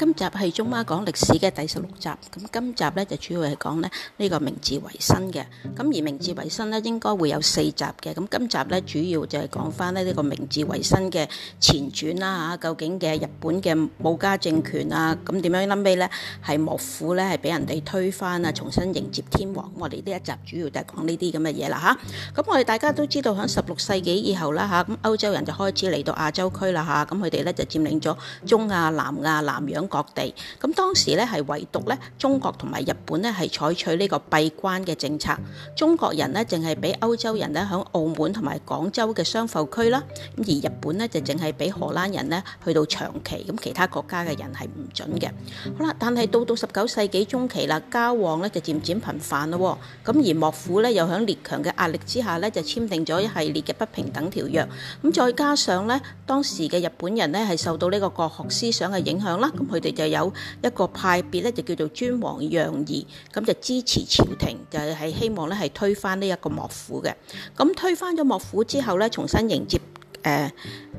今集係中媽講歷史嘅第十六集，咁今集咧就主要係講咧呢個明治維新嘅，咁而明治維新咧應該會有四集嘅，咁今集咧主要就係講翻咧呢個明治維新嘅前傳啦嚇，究竟嘅日本嘅武家政權啊，咁點樣諗起咧係幕府咧係俾人哋推翻啊，重新迎接天皇。我哋呢一集主要就係講呢啲咁嘅嘢啦吓，咁我哋大家都知道喺十六世紀以後啦吓，咁歐洲人就開始嚟到亞洲區啦吓，咁佢哋咧就佔領咗中亞、南亞、南洋。各地。咁當時咧係唯獨咧中國同埋日本咧係採取呢個閉關嘅政策，中國人咧淨係俾歐洲人咧喺澳門同埋廣州嘅商埠區啦，咁而日本咧就淨係俾荷蘭人咧去到長崎，咁其他國家嘅人係唔准嘅。好啦，但係到到十九世紀中期啦，交往咧就漸漸頻繁咯，咁而幕府咧又喺列強嘅壓力之下咧就簽訂咗一系列嘅不平等條約，咁再加上咧當時嘅日本人咧係受到呢個國學思想嘅影響啦，咁佢。佢哋就有一個派別咧，就叫做尊王攘夷，咁就支持朝廷，就係、是、希望咧係推翻呢一個幕府嘅。咁推翻咗幕府之後咧，重新迎接。誒、呃、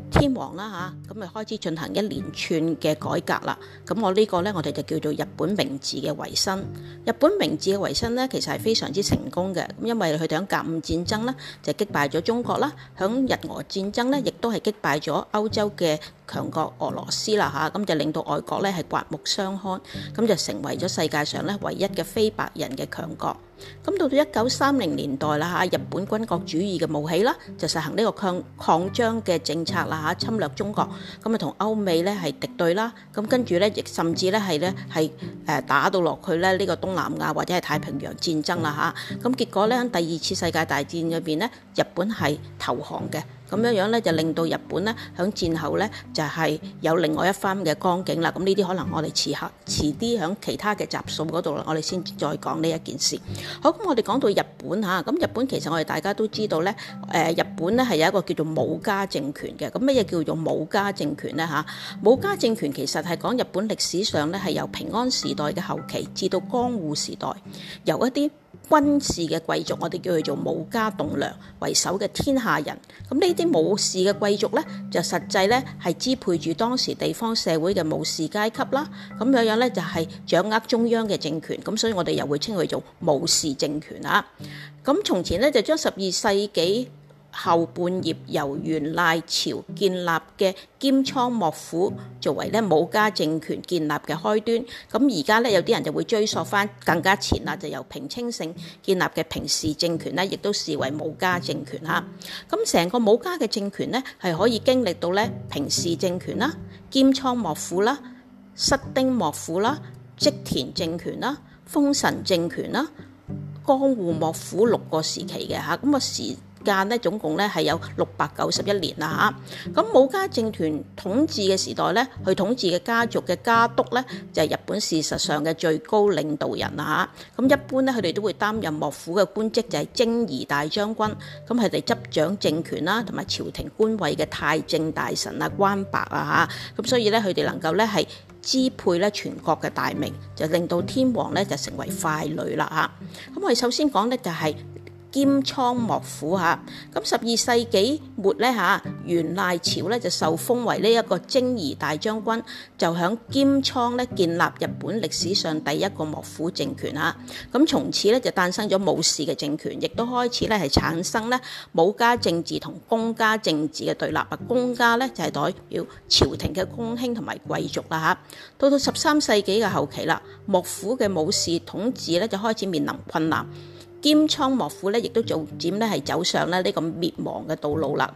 天皇啦吓，咁、啊、咪開始進行一連串嘅改革啦。咁我個呢個咧，我哋就叫做日本明治嘅維新。日本明治嘅維新咧，其實係非常之成功嘅。咁因為佢哋響甲午戰爭咧就擊敗咗中國啦，響日俄戰爭咧亦都係擊敗咗歐洲嘅強國俄羅斯啦吓，咁、啊、就令到外國咧係刮目相看，咁就成為咗世界上咧唯一嘅非白人嘅強國。咁到咗一九三零年代啦嚇，日本軍國主義嘅冒起啦，就實行呢個擴擴張嘅政策啦嚇，侵略中國，咁啊同歐美咧係敵對啦，咁跟住咧亦甚至咧係咧係誒打到落去咧呢個東南亞或者係太平洋戰爭啦嚇，咁結果咧第二次世界大戰入邊咧，日本係投降嘅。咁樣樣咧就令到日本咧喺戰後咧就係有另外一番嘅光景啦。咁呢啲可能我哋遲下遲啲喺其他嘅集數嗰度啦，我哋先再講呢一件事。好咁，我哋講到日本嚇，咁日本其實我哋大家都知道咧，誒日本咧係有一個叫做武家政權嘅。咁乜嘢叫做武家政權咧嚇？武家政權其實係講日本歷史上咧係由平安時代嘅後期至到江戶時代，由一啲，軍事嘅貴族，我哋叫佢做武家棟梁為首嘅天下人。咁呢啲武士嘅貴族呢，就實際呢係支配住當時地方社會嘅武士階級啦。咁樣樣呢，就係掌握中央嘅政權，咁所以我哋又會稱佢做武士政權啦。咁從前呢，就將十二世紀後半葉由源賴朝建立嘅鎌倉幕府，作為咧武家政權建立嘅開端。咁而家咧有啲人就會追溯返更加前啦，就由平清盛建立嘅平氏政權咧，亦都視為武家政權哈。咁成個武家嘅政權咧係可以經歷到咧平氏政權啦、鎌倉幕府啦、室町幕府啦、織田政權啦、豐臣政權啦、江戶幕府六個時期嘅嚇咁啊時。間呢，總共咧係有六百九十一年啦嚇，咁武家政權統治嘅時代咧，去統治嘅家族嘅家督咧就係、是、日本事實上嘅最高領導人啦嚇，咁一般咧佢哋都會擔任幕府嘅官職就係征夷大將軍，咁佢哋執掌政權啦，同埋朝廷官位嘅太政大臣啊、關白啊嚇，咁所以咧佢哋能夠咧係支配咧全國嘅大名，就令到天皇咧就成為傀儡啦嚇，咁我哋首先講咧就係。兼倉幕府嚇，咁十二世紀末咧嚇，源賴朝咧就受封為呢一個征夷大將軍，就響兼倉咧建立日本歷史上第一個幕府政權。咁從此咧就誕生咗武士嘅政權，亦都開始咧係產生咧武家政治同公家政治嘅對立啊。公家咧就係代表朝廷嘅公卿同埋貴族啦嚇。到到十三世紀嘅後期啦，幕府嘅武士統治咧就開始面臨困難。兼倉幕府咧，亦都逐漸咧係走上咧呢個滅亡嘅道路啦。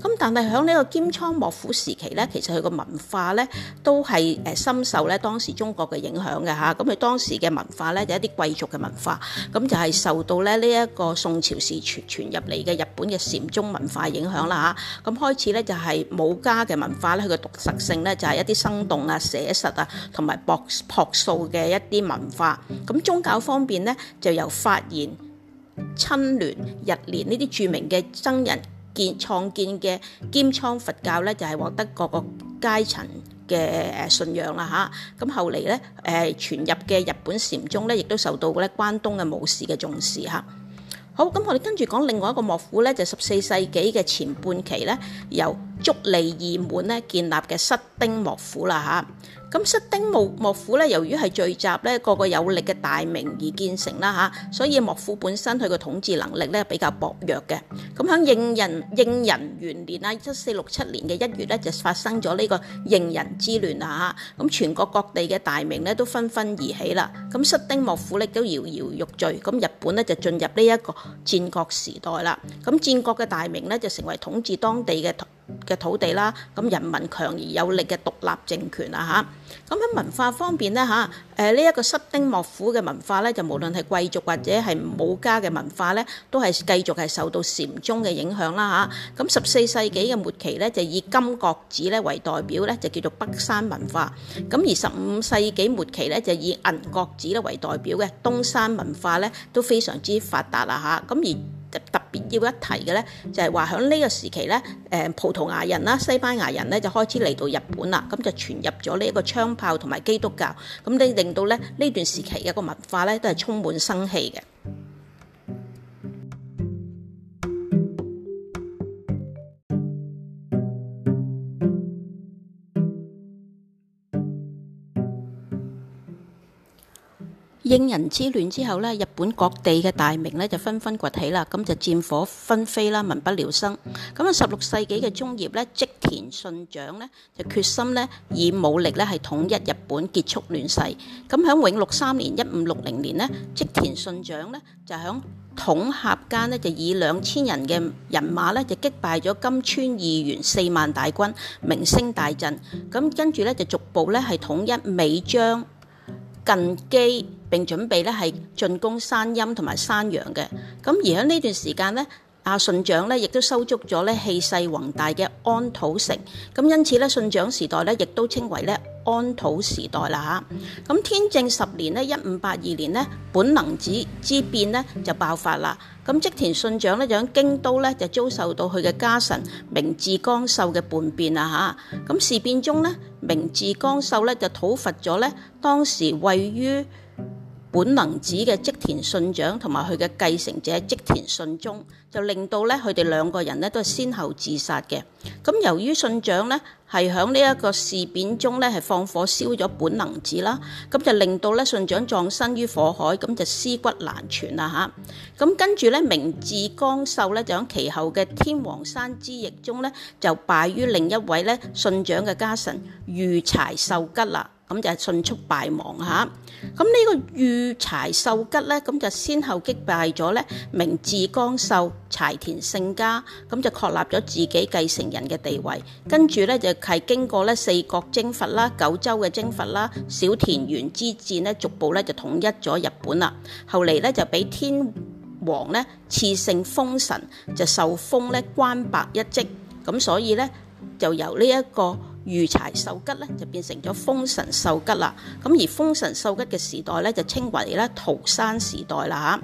咁但係喺呢個兼倉幕府時期咧，其實佢個文化咧都係誒深受咧當時中國嘅影響嘅嚇。咁佢當時嘅文化咧就一啲貴族嘅文化，咁就係受到咧呢一個宋朝時傳傳入嚟嘅日本嘅禪宗文化影響啦嚇。咁開始咧就係武家嘅文化咧，佢個獨特性咧就係一啲生動啊、寫實啊，同埋樸樸素嘅一啲文化。咁宗教方面咧就由發現。親鸞、日蓮呢啲著名嘅僧人建創建嘅鎌倉佛教咧，就係、是、獲得各個階層嘅誒信仰啦吓。咁、啊、後嚟咧，誒、呃、傳入嘅日本禪宗咧，亦都受到咧關東嘅武士嘅重視吓。好，咁我哋跟住講另外一個幕府咧，就十、是、四世紀嘅前半期咧，由足利義滿咧建立嘅室町幕府啦吓。咁室町幕府咧，由於係聚集咧個個有力嘅大名而建成啦吓，所以幕府本身佢個統治能力咧比較薄弱嘅。咁喺應仁應仁元年啊，一四六七年嘅一月咧就發生咗呢個應仁之亂啦吓。咁全國各地嘅大名咧都紛紛而起啦。咁室町幕府咧都搖搖欲墜。咁日本咧就進入呢一個戰國時代啦。咁戰國嘅大名咧就成為統治當地嘅嘅土地啦，咁人民強而有力嘅獨立政權啊吓，咁喺文化方面咧吓，誒呢一個室町幕府嘅文化咧，就無論係貴族或者係武家嘅文化咧，都係繼續係受到禪宗嘅影響啦吓，咁十四世紀嘅末期咧，就以金閣寺咧為代表咧，就叫做北山文化。咁而十五世紀末期咧，就以銀閣寺咧為代表嘅東山文化咧，都非常之發達啦吓，咁而別要一提嘅咧，就係話喺呢個時期咧，誒葡萄牙人啦、西班牙人咧就開始嚟到日本啦，咁就傳入咗呢一個槍炮同埋基督教，咁你令到咧呢段時期嘅個文化咧都係充滿生氣嘅。應仁之亂之後咧，日本各地嘅大名咧就紛紛崛起啦，咁就戰火紛飛啦，民不聊生。咁啊，十六世紀嘅中葉咧，織田信長咧就決心咧以武力咧係統一日本，結束亂世。咁喺永祿三年（一五六零年）呢，織田信長咧就喺桶，桶狹間呢就以兩千人嘅人馬咧就擊敗咗今川義元四萬大軍，名聲大振。咁跟住咧就逐步咧係統一尾張近畿。並準備咧係進攻山陰同埋山陽嘅。咁而喺呢段時間呢，阿信長呢亦都收足咗咧氣勢宏大嘅安土城。咁因此咧，信長時代咧亦都稱為咧安土時代啦嚇。咁天正十年呢，一五八二年呢，本能寺之變呢就爆發啦。咁織田信長呢，就喺京都咧就遭受到佢嘅家臣明智光秀嘅叛變啦嚇。咁事變中呢，明智光秀咧就討伐咗咧當時位於。本能寺嘅織田信長同埋佢嘅繼承者織田信忠，就令到咧佢哋兩個人咧都係先後自殺嘅。咁由於信長咧係喺呢一個事變中咧係放火燒咗本能寺啦，咁就令到咧信長葬身於火海，咁就屍骨難存啦吓，咁跟住咧明智光秀咧就喺其後嘅天王山之役中咧就敗於另一位咧信長嘅家臣羽柴秀吉啦。咁就係迅速敗亡嚇。咁呢個御柴秀吉咧，咁就先後擊敗咗咧明智光秀、柴田勝家，咁就確立咗自己繼承人嘅地位。跟住咧就係、是、經過咧四國征伐啦、九州嘅征伐啦、小田原之戰咧，逐步咧就統一咗日本啦。後嚟咧就俾天皇咧賜姓豐臣，就受封咧關白一職。咁所以咧就由呢、這、一個。御柴秀吉咧就變成咗豐臣秀吉啦，咁而豐臣秀吉嘅時代咧就稱為咧桃山時代啦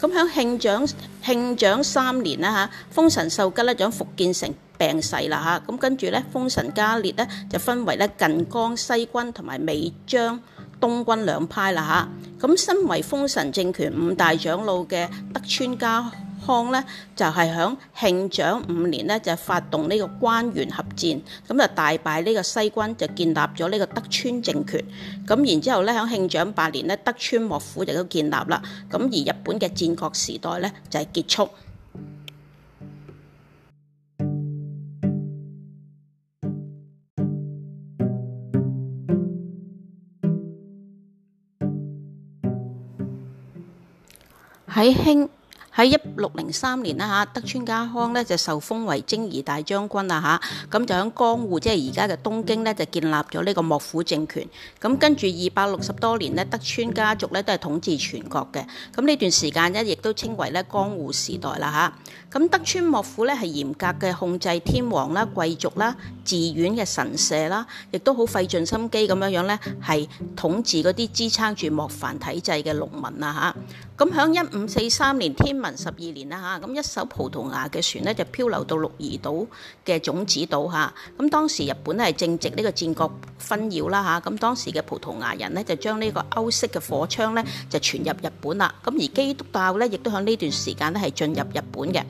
嚇。咁喺慶長慶長三年啦嚇，豐臣秀吉咧將伏見城病逝啦嚇，咁跟住咧豐臣家裂咧就分為咧近江西軍同埋尾張東軍兩派啦嚇。咁身為封神政權五大長老嘅德川家康咧就係喺慶長五年咧就發動呢個關原合戰，咁就大敗呢個西軍，就建立咗呢個德川政權。咁然之後咧喺慶長八年咧德川幕府就都建立啦。咁而日本嘅戰國時代咧就係結束喺喺一六零三年啦嚇，德川家康咧就受封為征夷大將軍啦吓，咁就響江戶，即係而家嘅東京咧就建立咗呢個幕府政權。咁跟住二百六十多年呢，德川家族咧都係統治全國嘅。咁呢段時間咧，亦都稱為咧江戶時代啦吓，咁德川幕府咧係嚴格嘅控制天皇啦、貴族啦、寺院嘅神社啦，亦都好費盡心機咁樣樣咧係統治嗰啲支撐住幕藩體制嘅農民啊吓，咁響一五四三年天十二年啦吓，咁一艘葡萄牙嘅船咧，就漂流到鹿兒島嘅種子島吓，咁當時日本係正值呢個戰國紛擾啦吓，咁當時嘅葡萄牙人咧，就將呢個歐式嘅火槍咧，就傳入日本啦，咁而基督教咧，亦都響呢段時間咧，係進入日本嘅，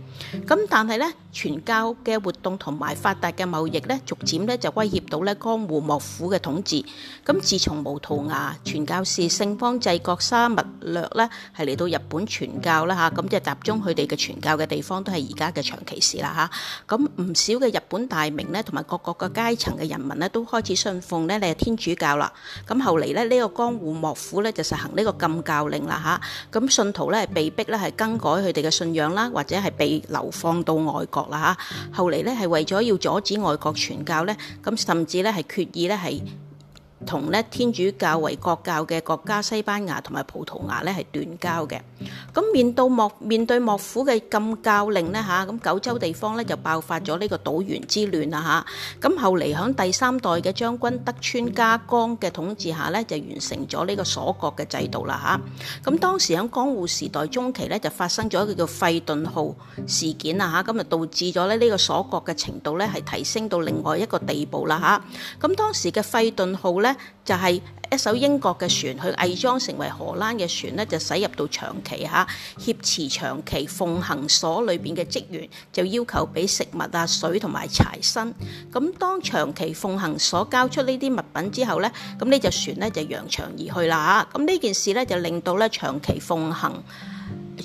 咁但係咧傳教嘅活動同埋發達嘅貿易咧，逐漸咧，就威脅到咧江戶幕府嘅統治。咁自從葡萄牙傳教士聖方濟各沙勿略咧係嚟到日本傳教啦吓，咁就集中佢哋嘅傳教嘅地方都係而家嘅長崎市啦嚇，咁唔少嘅日本大名呢，同埋各個嘅階層嘅人民呢，都開始信奉呢你係天主教啦。咁後嚟咧，呢個江戶幕府呢，就實行呢個禁教令啦嚇，咁信徒咧被逼咧係更改佢哋嘅信仰啦，或者係被流放到外國啦嚇。後嚟呢，係為咗要阻止外國傳教呢，咁甚至呢，係決意呢，係。同咧天主教為國教嘅國家西班牙同埋葡萄牙咧係斷交嘅。咁面對幕面對幕府嘅禁教令呢，嚇，咁九州地方呢就爆發咗呢個島原之亂啦嚇。咁後嚟響第三代嘅將軍德川家光嘅統治下呢，就完成咗呢個鎖國嘅制度啦嚇。咁當時響江戶時代中期呢，就發生咗一個叫費頓號事件啦嚇，咁就導致咗咧呢個鎖國嘅程度呢，係提升到另外一個地步啦嚇。咁當時嘅費頓號呢，就係一艘英國嘅船，去偽裝成為荷蘭嘅船咧，就駛入到長崎吓，挾持長崎奉行所裏邊嘅職員，就要求俾食物啊、水同埋柴薪。咁當長崎奉行所交出呢啲物品之後咧，咁呢隻船咧就揚長而去啦吓。咁呢件事咧就令到咧長崎奉行。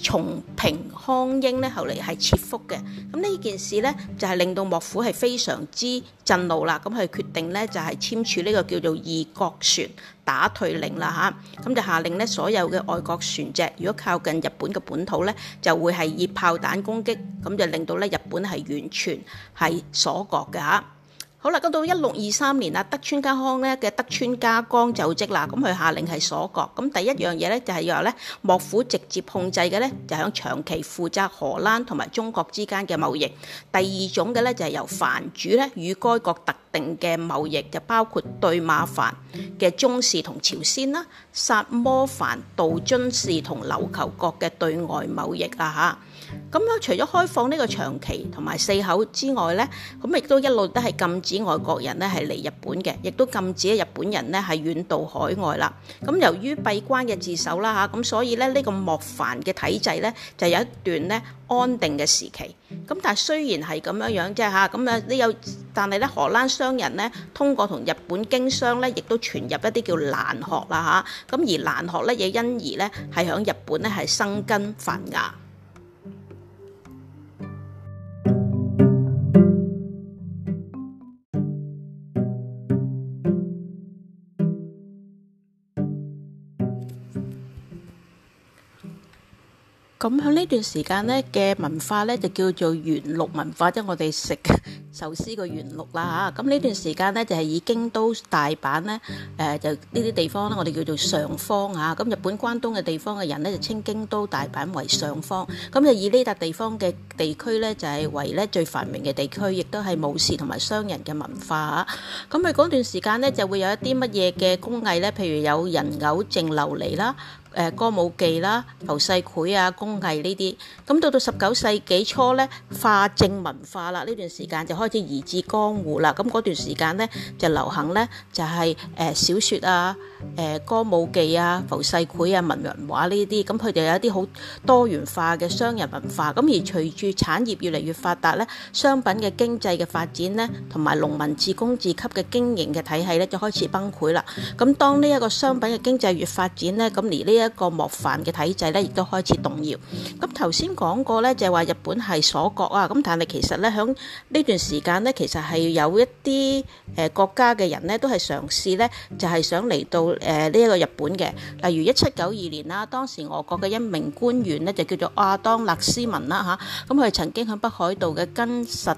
松平康英咧，後嚟係切腹嘅，咁呢件事咧就係令到幕府係非常之震怒啦，咁佢決定咧就係簽署呢個叫做《異國船打退令》了啦嚇，咁就下令咧所有嘅外國船隻如果靠近日本嘅本土咧，就會係以炮彈攻擊，咁就令到咧日本係完全係鎖國嘅嚇。好啦，咁到一六二三年啊，德川家康咧嘅德川家光就職啦，咁佢下令係鎖國，咁第一樣嘢咧就係、是、要話咧幕府直接控制嘅咧，就響長崎負責荷蘭同埋中國之間嘅貿易。第二種嘅咧就係、是、由藩主咧與該國特定嘅貿易，就包括對馬藩嘅宗氏同朝鮮啦、薩摩藩、島津氏同琉球國嘅對外貿易啊吓，咁樣除咗開放呢個長崎同埋四口之外咧，咁亦都一路都係禁止。指外國人咧係嚟日本嘅，亦都禁止日本人咧係遠渡海外啦。咁由於閉關嘅自守啦嚇，咁所以咧呢個幕藩嘅體制咧就有一段咧安定嘅時期。咁但係雖然係咁樣樣啫嚇，咁啊你有，但係咧荷蘭商人咧通過同日本經商咧，亦都傳入一啲叫蘭學啦嚇。咁而蘭學咧亦因而咧係喺日本咧係生根發芽。咁喺呢段時間呢嘅文化呢，就叫做元祿文化，即係我哋食壽司嘅元祿啦吓。咁呢段時間呢，就係以京都、大阪呢，誒、呃、就呢啲地方呢，我哋叫做上方。咁日本關東嘅地方嘅人呢，就稱京都、大阪為上方。咁就以呢笪地方嘅地區呢，就係為呢最繁榮嘅地區，亦都係武士同埋商人嘅文化。咁喺嗰段時間呢，就會有一啲乜嘢嘅工藝呢，譬如有人偶、淨琉璃啦。誒歌舞伎啦、浮世繪啊、工藝呢啲，咁到到十九世紀初咧，化政文化啦，呢段時間就開始移至江戶啦，咁嗰段時間咧就流行咧就係、是、誒、呃、小説啊。歌舞伎啊、浮世繪啊、文人畫呢啲，咁佢哋有一啲好多元化嘅商人文化。咁而隨住產業越嚟越發達呢，商品嘅經濟嘅發展呢，同埋農民自供自給嘅經營嘅體系呢，就開始崩潰啦。咁當呢一個商品嘅經濟越發展呢，咁而呢一個幕藩嘅體制呢，亦都開始動搖。咁頭先講過呢，就係話日本係鎖國啊。咁但係其實呢，響呢段時間呢，其實係有一啲誒國家嘅人呢，都係嘗試呢，就係想嚟到。誒呢一個日本嘅，例如一七九二年啦，當時俄國嘅一名官員呢，就叫做阿當勒斯文啦吓，咁佢曾經喺北海道嘅根實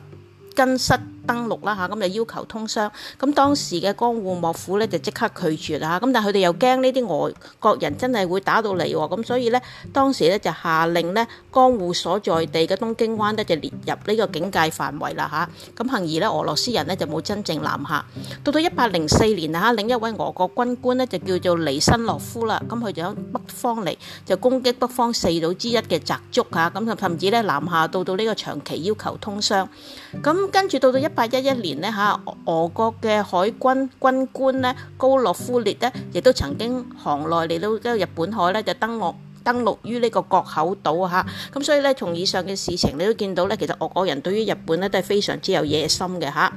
根室登陸啦吓，咁就要求通商。咁當時嘅江戶幕府咧就即刻拒絕啦吓，咁但係佢哋又驚呢啲俄國人真係會打到嚟喎，咁所以咧當時咧就下令咧江戶所在地嘅東京灣咧就列入呢個警戒範圍啦吓，咁幸而咧俄羅斯人咧就冇真正南下。到到一八零四年吓，另一位俄國軍官咧就叫做尼申洛夫啦，咁佢就喺北方嚟就攻擊北方四島之一嘅擇捉吓，咁就甚至咧南下到到呢個長期要求通商。咁跟住到到一。八一一年呢，吓，俄國嘅海軍軍官呢，高洛夫列呢，亦都曾經航內來嚟到呢個日本海呢，就登陸登陸於呢個國後島吓。咁所以呢，從以上嘅事情，你都見到呢，其實俄國人對於日本呢，都係非常之有野心嘅吓。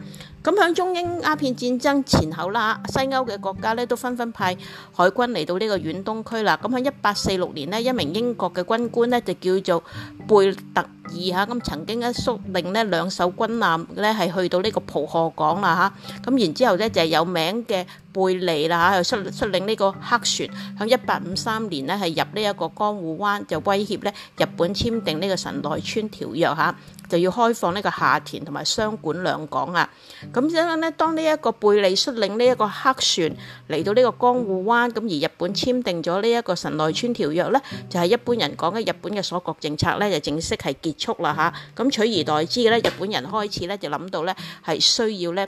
咁喺中英鴉片戰爭前後啦，西歐嘅國家咧都紛紛派海軍嚟到呢個遠東區啦。咁喺一八四六年呢，一名英國嘅軍官呢就叫做貝特爾嚇，咁、啊、曾經一率領呢兩艘軍艦呢係去到呢個浦賀港啦嚇。咁、啊、然之後呢就係有名嘅貝利啦嚇，又、啊、率率領呢個黑船喺一八五三年呢係入呢一個江戶灣，就威脅呢日本簽訂呢個神奈川條約嚇。啊就要開放呢個下田同埋箱館兩港啊！咁點解咧？當呢一個貝利率領呢一個黑船嚟到呢個江戶灣，咁而日本簽訂咗呢一個神奈川條約呢，就係、是、一般人講嘅日本嘅鎖國政策呢，就正式係結束啦吓，咁取而代之嘅咧，日本人開始呢就諗到呢係需要呢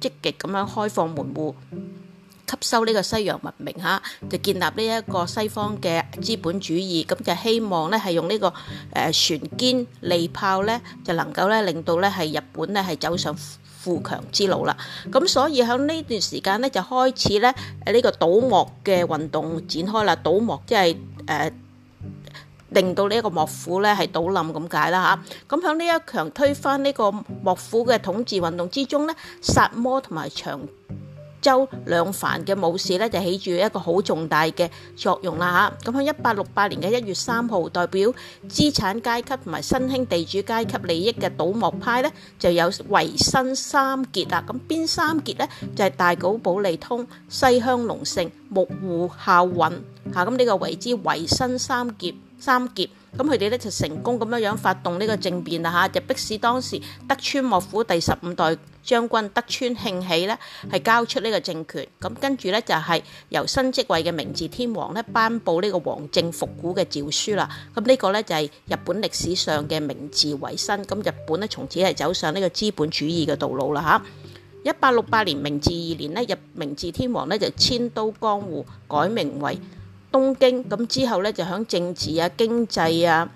積極咁樣開放門戶。吸收呢個西洋文明嚇，就建立呢一個西方嘅資本主義，咁就希望咧係用呢個誒船堅利炮咧，就能夠咧令到咧係日本咧係走上富強之路啦。咁所以喺呢段時間咧就開始咧誒呢個倒幕嘅運動展開啦，倒幕即係誒令到呢一個幕府咧係倒冧咁解啦嚇。咁喺呢一場推翻呢個幕府嘅統治運動之中咧，薩摩同埋長周兩藩嘅武士咧，就起住一個好重大嘅作用啦嚇。咁喺一八六八年嘅一月三號，代表資產階級同埋新興地主階級利益嘅倒幕派咧，就有維新三傑啦。咁邊三傑咧，就係大久保利通、西鄉隆盛、木戶孝允嚇。咁呢個為之維新三傑。三傑，咁佢哋咧就成功咁樣樣發動呢個政變啦吓，就迫使當時德川幕府第十五代將軍德川慶喜呢係交出呢個政權，咁跟住呢，就係由新即位嘅明治天皇咧頒布呢個王政復古嘅詔書啦，咁呢個呢，就係日本歷史上嘅明治維新，咁日本呢，從此係走上呢個資本主義嘅道路啦吓，一八六八年明治二年呢，日明治天皇呢，就遷都江戶，改名為，東京。咁之後咧，就響政治啊、經濟啊、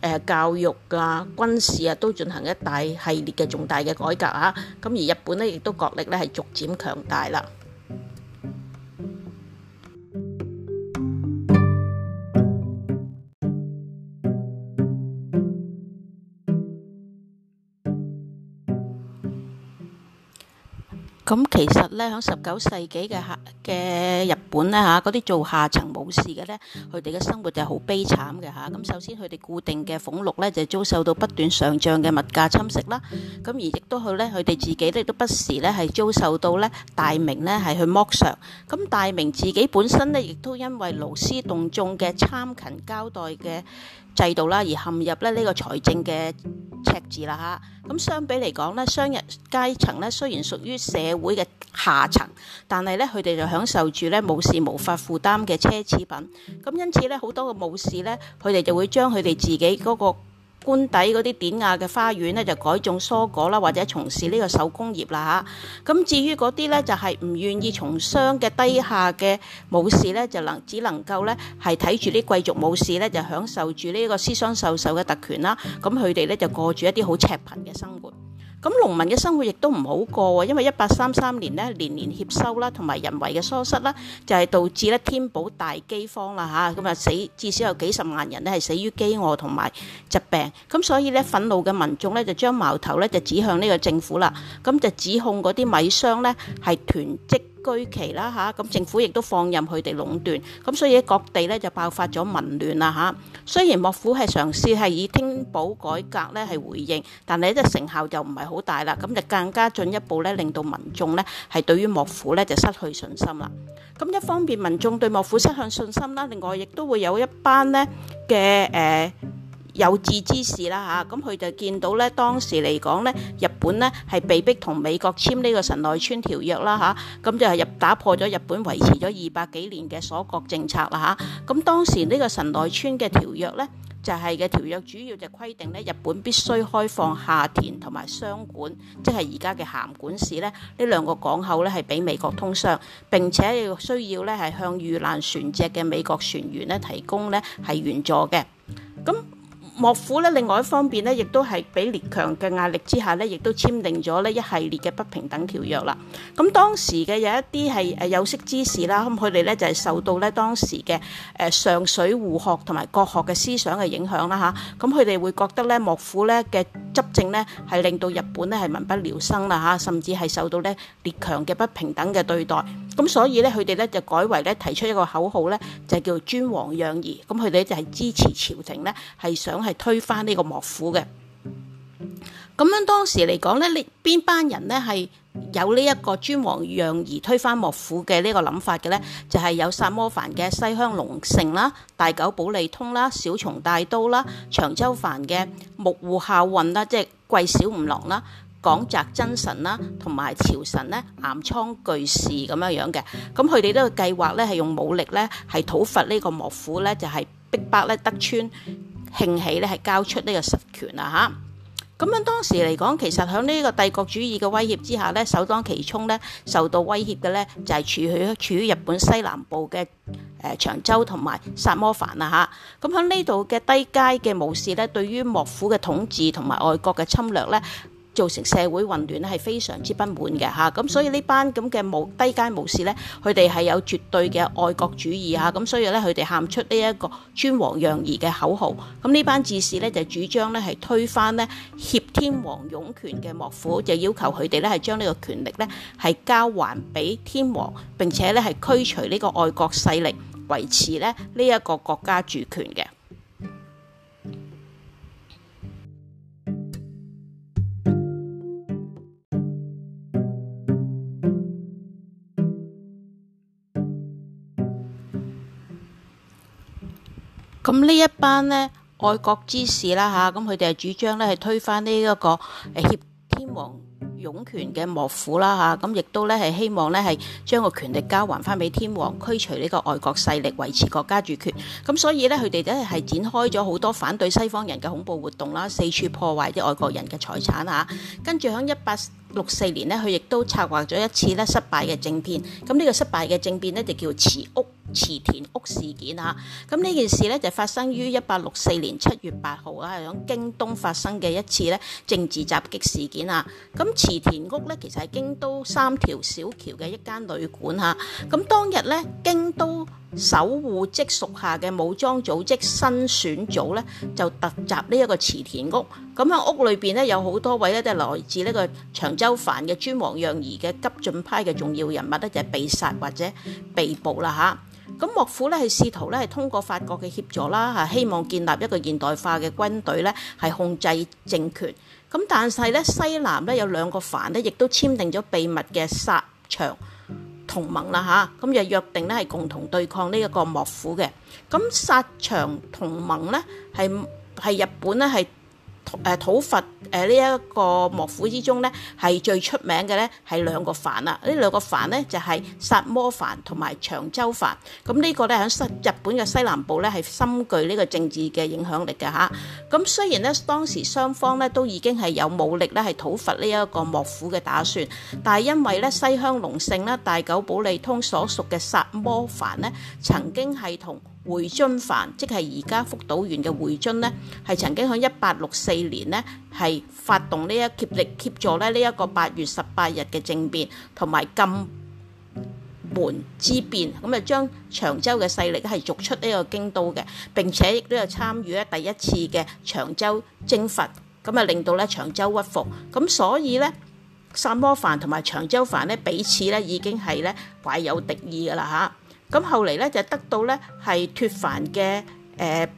誒教育啊、軍事啊，都進行一大系列嘅重大嘅改革嚇。咁而日本咧，亦都國力咧係逐漸強大啦。咁其實咧，喺十九世紀嘅日本咧嚇，嗰啲做下層武士嘅咧，佢哋嘅生活就係好悲慘嘅嚇。咁首先佢哋固定嘅俸祿咧，就遭受到不斷上漲嘅物價侵蝕啦。咁而亦都佢咧，佢哋自己亦都不時咧係遭受到咧大名呢，係去剝削。咁大名自己本身咧，亦都因為勞師動眾嘅參勤交代嘅。制度啦，而陷入咧呢個財政嘅赤字啦嚇。咁相比嚟講咧，商人階層咧雖然屬於社會嘅下層，但係咧佢哋就享受住咧武士無法負擔嘅奢侈品。咁因此咧，好多嘅武士咧，佢哋就會將佢哋自己嗰個。官邸嗰啲典雅嘅花園咧，就改種蔬果啦，或者從事呢個手工業啦嚇。咁至於嗰啲咧，就係、是、唔願意從商嘅低下嘅武士咧，就能只能夠咧係睇住啲貴族武士咧，就享受住呢個絲綢授受嘅特權啦。咁佢哋咧就過住一啲好赤貧嘅生活。咁農民嘅生活亦都唔好過喎，因為一八三三年呢連年協收啦，同埋人為嘅疏失啦，就係、是、導致咧天保大饑荒啦吓，咁啊死至少有幾十萬人呢係死於飢餓同埋疾病，咁所以呢，憤怒嘅民眾呢，就將矛頭呢就指向呢個政府啦，咁就指控嗰啲米商呢，係囤積。居奇啦吓，咁政府亦都放任佢哋壟斷，咁所以各地咧就爆發咗民亂啦吓，雖然幕府係嘗試係以天保改革咧係回應，但係咧成效就唔係好大啦，咁就更加進一步咧令到民眾咧係對於幕府咧就失去信心啦。咁一方面民眾對幕府失去信心啦，另外亦都會有一班呢嘅誒、呃有志之士啦吓，咁佢就見到咧，當時嚟講咧，日本咧係被逼同美國簽呢個神奈川條約啦吓，咁就係日打破咗日本維持咗二百幾年嘅鎖國政策啦吓，咁當時呢個神奈川嘅條約咧，就是，就係嘅條約主要就規定咧，日本必須開放下田同埋箱館，即係而家嘅函館市咧，呢兩個港口咧係俾美國通商，並且要需要咧係向遇難船隻嘅美國船員咧提供咧係援助嘅。咁幕府咧，另外一方面咧，亦都係俾列強嘅壓力之下咧，亦都簽訂咗咧一系列嘅不平等條約啦。咁當時嘅有一啲係誒有識之士啦，咁佢哋咧就係受到咧當時嘅誒上水戶學同埋國學嘅思想嘅影響啦嚇。咁佢哋會覺得咧幕府咧嘅執政呢係令到日本咧係民不聊生啦嚇，甚至係受到咧列強嘅不平等嘅對待。咁所以咧佢哋咧就改為咧提出一個口號咧，就係叫做尊王攘夷。咁佢哋就係支持朝廷呢，係想係，推翻呢個幕府嘅咁樣，當時嚟講咧，呢邊班人咧係有呢一個尊王攘夷推翻幕府嘅呢個諗法嘅咧，就係、是、有薩摩藩嘅西鄉隆盛啦、大久保利通啦、小松帶刀啦、長州藩嘅木戶孝允啦，即係桂小五郎啦、廣澤真臣啦，同埋朝臣咧、岩倉具視咁樣樣嘅。咁佢哋呢個計劃咧係用武力咧係討伐呢個幕府咧，就係、是、逼迫咧德川。慶喜咧，係交出呢個實權啊！嚇，咁樣當時嚟講，其實喺呢個帝國主義嘅威脅之下咧，首當其衝咧受到威脅嘅咧就係處於處於日本西南部嘅誒長州同埋薩摩藩啊！嚇，咁喺呢度嘅低階嘅武士咧，對於幕府嘅統治同埋外國嘅侵略咧。造成社會混亂咧，係非常之不滿嘅嚇，咁所以呢班咁嘅武低階武士呢，佢哋係有絕對嘅愛國主義嚇，咁所以咧佢哋喊出呢一個尊王攘夷嘅口號，咁呢班志士呢，就主張呢，係推翻呢挾天皇擁權嘅幕府，就要求佢哋呢係將呢個權力呢係交還俾天皇，並且呢係驅除呢個愛國勢力，維持呢呢一、這個國家主權嘅。咁呢一班呢，愛國之士啦吓，咁佢哋係主張咧係推翻呢一個協天皇擁權嘅幕府啦吓，咁亦都咧係希望咧係將個權力交還翻俾天皇，驅除呢個外國勢力，維持國家主權。咁所以咧，佢哋咧係展開咗好多反對西方人嘅恐怖活動啦，四處破壞啲外國人嘅財產吓，跟住喺一八六四年呢，佢亦都策劃咗一次咧失敗嘅政變。咁、呢、呢個失敗嘅政變咧就叫慈屋。池田屋事件啊，咁呢件事呢就發生於一八六四年七月八號啊，響京都發生嘅一次呢政治襲擊事件啊。咁池田屋呢，其實係京都三條小橋嘅一間旅館吓，咁當日呢，京都。守護職屬下嘅武裝組織新選組咧，就突襲呢一個池田屋。咁喺屋裏邊咧，有好多位咧都係來自呢個長州藩嘅尊王攘夷嘅急進派嘅重要人物咧，就係被殺或者被捕啦吓，咁幕府咧係試圖咧係通過法國嘅協助啦，係希望建立一個現代化嘅軍隊咧，係控制政權。咁但係咧，西南咧有兩個藩咧，亦都簽訂咗秘密嘅薩長。同盟啦吓，咁就約定咧係共同對抗呢一個幕府嘅。咁薩長同盟咧係係日本咧係。是誒討伐誒呢一個幕府之中咧，係最出名嘅咧係兩個藩啊！呢兩個藩呢，就係薩摩藩同埋長州藩。咁、這、呢個咧喺西日本嘅西南部咧係深具呢個政治嘅影響力嘅吓，咁雖然咧當時雙方咧都已經係有武力咧係討伐呢一個幕府嘅打算，但係因為咧西鄉隆盛啦、大久保利通所屬嘅薩摩藩呢，曾經係同。回津藩即係而家福島縣嘅回津呢，係曾經喺一八六四年呢係發動呢一協力協助咧呢一個八月十八日嘅政變同埋禁門之變，咁啊將長州嘅勢力係逐出呢個京都嘅，並且亦都有參與咧第一次嘅長州征伐，咁啊令到咧長州屈服，咁所以咧薩摩藩同埋長州藩咧彼此咧已經係咧懷有敵意嘅啦嚇。咁後嚟咧就得到咧係脫帆嘅誒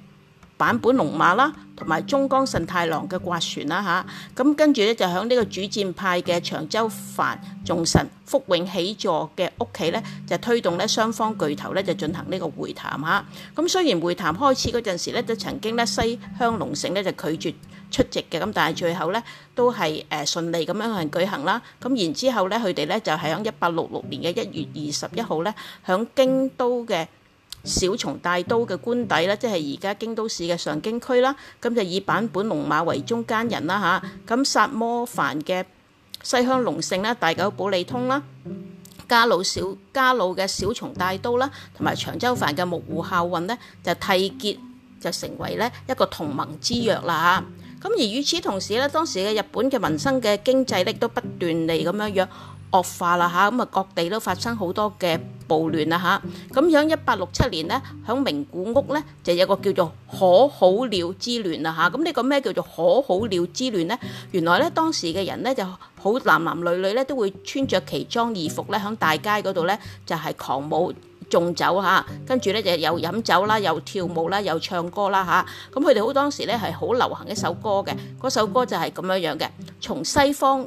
版本龍馬啦。同埋中江信太郎嘅斡旋啦嚇，咁跟住咧就喺呢個主戰派嘅長州藩重臣福永喜助嘅屋企咧，就推動咧雙方巨頭咧就進行呢個會談嚇。咁雖然會談開始嗰陣時咧，就曾經咧西鄉隆盛咧就拒絕出席嘅，咁但係最後咧都係誒順利咁樣去舉行啦。咁然之後咧，佢哋咧就喺一八六六年嘅一月二十一號咧，喺京都嘅小松帶刀嘅官邸咧，即係而家京都市嘅上京區啦，咁就以坂本龍馬為中間人啦吓，咁薩摩藩嘅西鄉隆盛啦、大久保利通啦、加魯小加魯嘅小松帶刀啦，同埋長州藩嘅木戶孝允呢，就締結就成為呢一個同盟之約啦吓，咁而與此同時呢，當時嘅日本嘅民生嘅經濟力都不斷地咁樣樣惡化啦嚇，咁啊各地都發生好多嘅暴亂啦嚇，咁樣一八六七年呢，喺名古屋呢，就有一個叫做可好鳥之亂啦嚇，咁、這、呢個咩叫做可好鳥之亂呢？原來呢，當時嘅人呢，就好男男女女呢，都會穿着奇裝異服咧，喺大街嗰度呢，就係、是、狂舞縱酒嚇，跟住呢，就又飲酒啦，又跳舞啦，又唱歌啦嚇，咁佢哋好當時呢，係好流行一首歌嘅，嗰首歌就係咁樣樣嘅，從西方。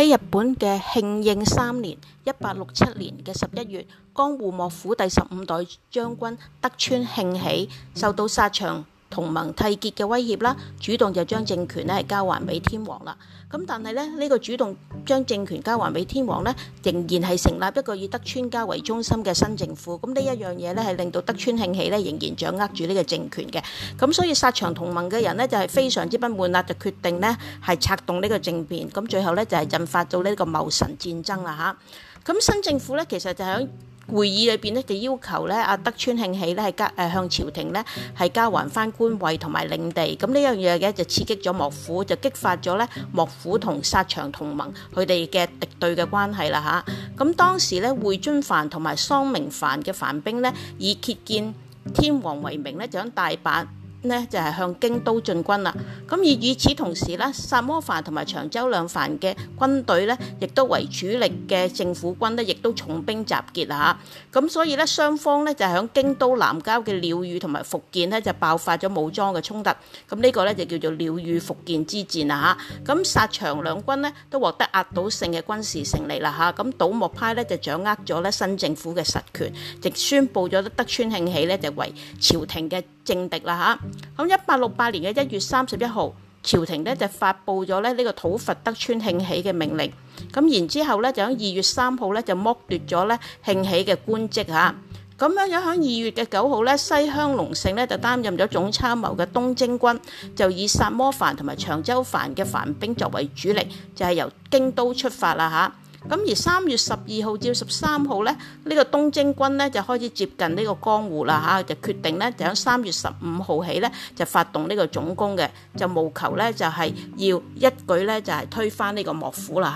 喺日本嘅慶應三年 （1867 年）嘅十一月，江戶幕府第十五代將軍德川慶喜受到殺場，同盟締結嘅威脅啦，主動就將政權咧交還俾天皇啦。咁但係咧，呢、這個主動將政權交還俾天皇咧，仍然係成立一個以德川家為中心嘅新政府。咁呢一樣嘢咧，係令到德川慶喜咧仍然掌握住呢個政權嘅。咁所以薩長同盟嘅人呢，就係、是、非常之不滿啦，就決定呢係策動呢個政變。咁最後呢，就係、是、引發到呢個戊辰戰爭啦嚇。咁新政府咧其實就係。會議裏邊咧就要求咧，阿德川慶喜咧係加向朝廷咧係加還翻官位同埋領地，咁呢一樣嘢嘅就刺激咗幕府，就激發咗咧幕府同薩長同盟佢哋嘅敵對嘅關係啦嚇。咁當時咧，會津藩同埋桑名藩嘅藩兵咧，以揭見天皇為名咧，就響大阪，咧就係向京都進軍啦，咁而與此同時咧，薩摩藩同埋長州兩藩嘅軍隊呢，亦都為主力嘅政府軍呢，亦都重兵集結啊！嚇，咁所以呢，雙方呢，就喺京都南郊嘅鳥羽同埋伏見呢，就爆發咗武裝嘅衝突，咁、這、呢個呢，就叫做鳥羽伏見之戰啦！嚇，咁薩長兩軍呢，都獲得壓倒性嘅軍事勝利啦！嚇，咁倒幕派呢，就掌握咗呢新政府嘅實權，亦宣佈咗德川慶喜呢，就為朝廷嘅政敵啦吓，咁一八六八年嘅一月三十一號，朝廷呢就發布咗咧呢個討伐德川慶喜嘅命令，咁然之後咧就喺二月三號咧就剝奪咗咧慶喜嘅官職吓，咁樣樣喺二月嘅九號咧西鄉隆盛咧就擔任咗總參謀嘅東征軍，就以薩摩藩同埋長州藩嘅藩兵作為主力，就係、是、由京都出發啦吓。咁而三月十二號至十三號咧，呢、呢個東征軍咧就開始接近呢個江戶啦嚇，就決定咧就喺三月十五號起咧就發動呢個總攻嘅，就務求咧就係要一舉咧就係推翻呢個幕府啦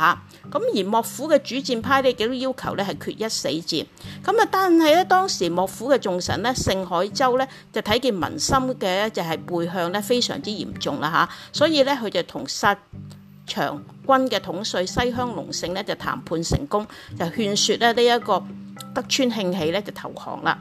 嚇。咁而幕府嘅主戰派呢，幾多要求咧係決一死戰，咁啊但係咧當時幕府嘅眾臣咧，盛海洲咧就睇見民心嘅就係背向咧非常之嚴重啦嚇，所以咧佢就同失長軍嘅統帥西鄉隆盛咧就談判成功，就勸説咧呢一個德川慶喜咧就投降啦。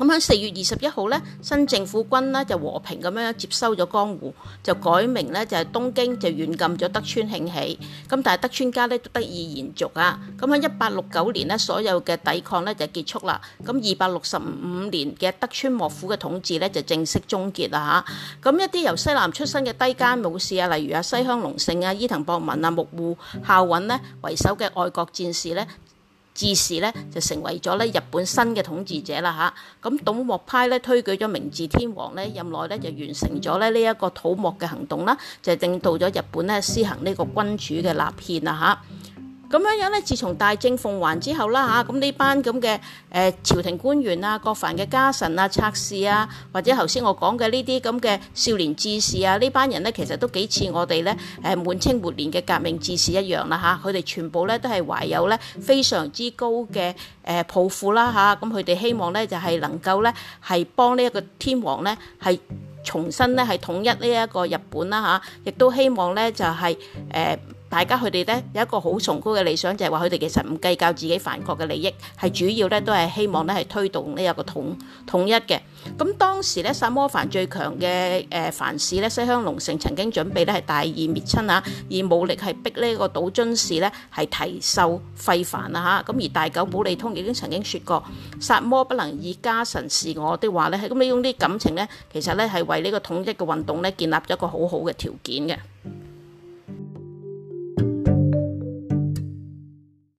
咁喺四月二十一號呢，新政府軍呢就和平咁樣接收咗江戶，就改名呢就係、是、東京，就軟禁咗德川慶喜。咁但係德川家呢都得以延續啊。咁喺一八六九年呢，所有嘅抵抗呢就結束啦。咁二百六十五年嘅德川幕府嘅統治呢就正式終結啦嚇。咁一啲由西南出身嘅低階武士啊，例如啊西鄉隆盛啊、伊藤博文啊、木戶孝允呢，為首嘅愛國戰士呢。自是咧就成為咗咧日本新嘅統治者啦吓，咁倒幕派咧推舉咗明治天皇咧任內咧就完成咗咧呢一個倒幕嘅行動啦，就令到咗日本咧施行呢個君主嘅立憲啊吓。咁樣樣咧，自從大政奉還之後啦嚇，咁呢班咁嘅誒朝廷官員啊、各藩嘅家臣啊、策士啊，或者頭先我講嘅呢啲咁嘅少年志士啊，呢班人咧其實都幾似我哋咧誒滿清末年嘅革命志士一樣啦嚇，佢哋全部咧都係懷有咧非常之高嘅誒抱負啦嚇，咁佢哋希望咧就係能夠咧係幫呢一個天皇咧係重新咧係統一呢一個日本啦嚇，亦都希望咧就係、是、誒。呃大家佢哋咧有一個好崇高嘅理想，就係話佢哋其實唔計較自己藩國嘅利益，係主要咧都係希望咧係推動呢一個統統一嘅。咁當時咧薩摩藩最強嘅誒藩士咧西鄉隆盛曾經準備咧係大義滅親啊，而武力係逼個島呢個島津氏呢係提受廢藩啊。吓，咁而大久保利通已經曾經說過薩摩不能以家臣示我的話咧，咁呢種啲感情呢，其實咧係為呢個統一嘅運動咧建立咗一個好好嘅條件嘅。